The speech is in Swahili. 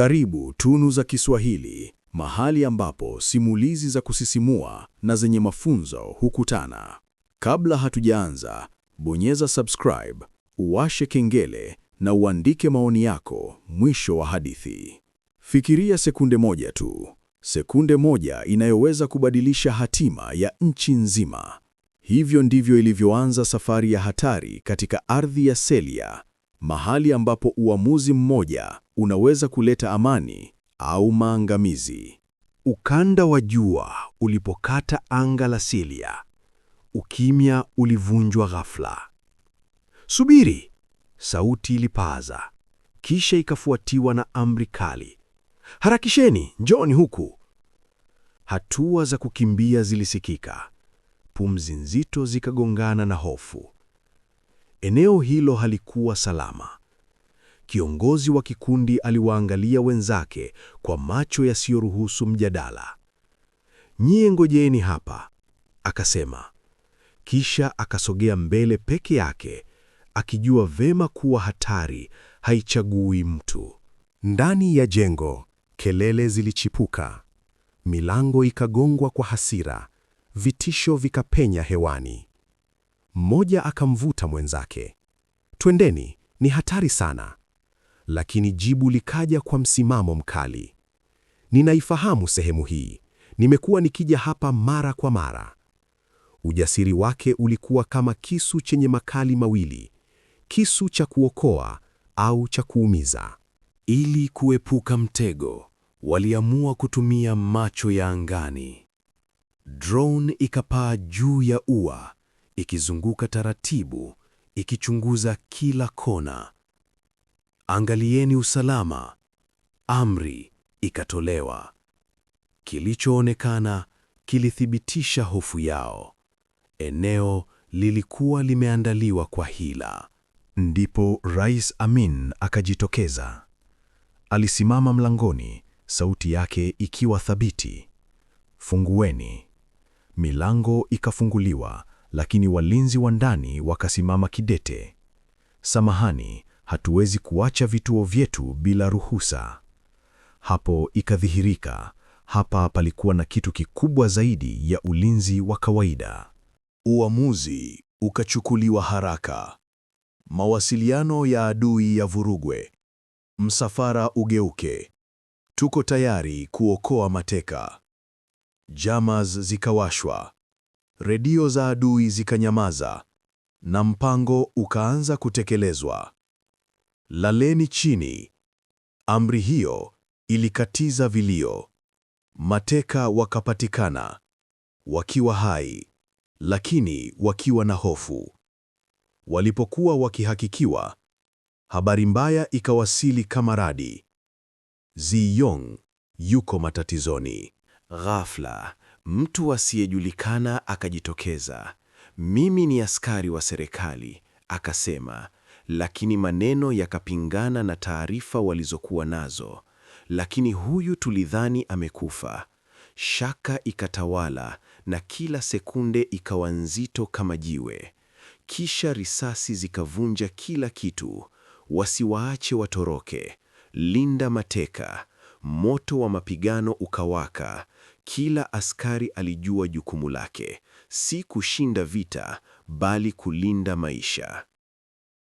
Karibu Tunu za Kiswahili, mahali ambapo simulizi za kusisimua na zenye mafunzo hukutana. Kabla hatujaanza, bonyeza subscribe, uwashe kengele na uandike maoni yako mwisho wa hadithi. Fikiria sekunde moja tu, sekunde moja inayoweza kubadilisha hatima ya nchi nzima. Hivyo ndivyo ilivyoanza safari ya hatari katika ardhi ya Celia, mahali ambapo uamuzi mmoja unaweza kuleta amani au maangamizi. Ukanda wa jua ulipokata anga la silia ukimya ulivunjwa ghafla. Subiri, sauti ilipaza, kisha ikafuatiwa na amri kali, harakisheni, njoni huku. Hatua za kukimbia zilisikika, pumzi nzito zikagongana na hofu. Eneo hilo halikuwa salama. Kiongozi wa kikundi aliwaangalia wenzake kwa macho yasiyoruhusu mjadala. Nyie ngojeni hapa, akasema. Kisha akasogea mbele peke yake, akijua vema kuwa hatari haichagui mtu. Ndani ya jengo kelele zilichipuka, milango ikagongwa kwa hasira, vitisho vikapenya hewani. Mmoja akamvuta mwenzake, twendeni, ni hatari sana. Lakini jibu likaja kwa msimamo mkali, ninaifahamu sehemu hii, nimekuwa nikija hapa mara kwa mara. Ujasiri wake ulikuwa kama kisu chenye makali mawili, kisu cha kuokoa au cha kuumiza. Ili kuepuka mtego, waliamua kutumia macho ya angani. Drone ikapaa juu ya ua ikizunguka taratibu, ikichunguza kila kona. Angalieni usalama. Amri ikatolewa. Kilichoonekana kilithibitisha hofu yao. Eneo lilikuwa limeandaliwa kwa hila. Ndipo Rais Amin akajitokeza. Alisimama mlangoni, sauti yake ikiwa thabiti. Fungueni. Milango ikafunguliwa lakini walinzi wa ndani wakasimama kidete. Samahani, hatuwezi kuacha vituo vyetu bila ruhusa. Hapo ikadhihirika, hapa palikuwa na kitu kikubwa zaidi ya ulinzi wa kawaida. Uamuzi ukachukuliwa haraka. Mawasiliano ya adui ya vurugwe. Msafara ugeuke. Tuko tayari kuokoa mateka. Jamas zikawashwa redio za adui zikanyamaza na mpango ukaanza kutekelezwa. Laleni chini. Amri hiyo ilikatiza vilio. Mateka wakapatikana wakiwa hai, lakini wakiwa na hofu. Walipokuwa wakihakikiwa, habari mbaya ikawasili kama radi. Ziyong yuko matatizoni. Ghafla Mtu asiyejulikana akajitokeza. Mimi ni askari wa serikali, akasema, lakini maneno yakapingana na taarifa walizokuwa nazo. Lakini huyu tulidhani amekufa. Shaka ikatawala na kila sekunde ikawa nzito kama jiwe. Kisha risasi zikavunja kila kitu. Wasiwaache watoroke, linda mateka. Moto wa mapigano ukawaka. Kila askari alijua jukumu lake, si kushinda vita, bali kulinda maisha.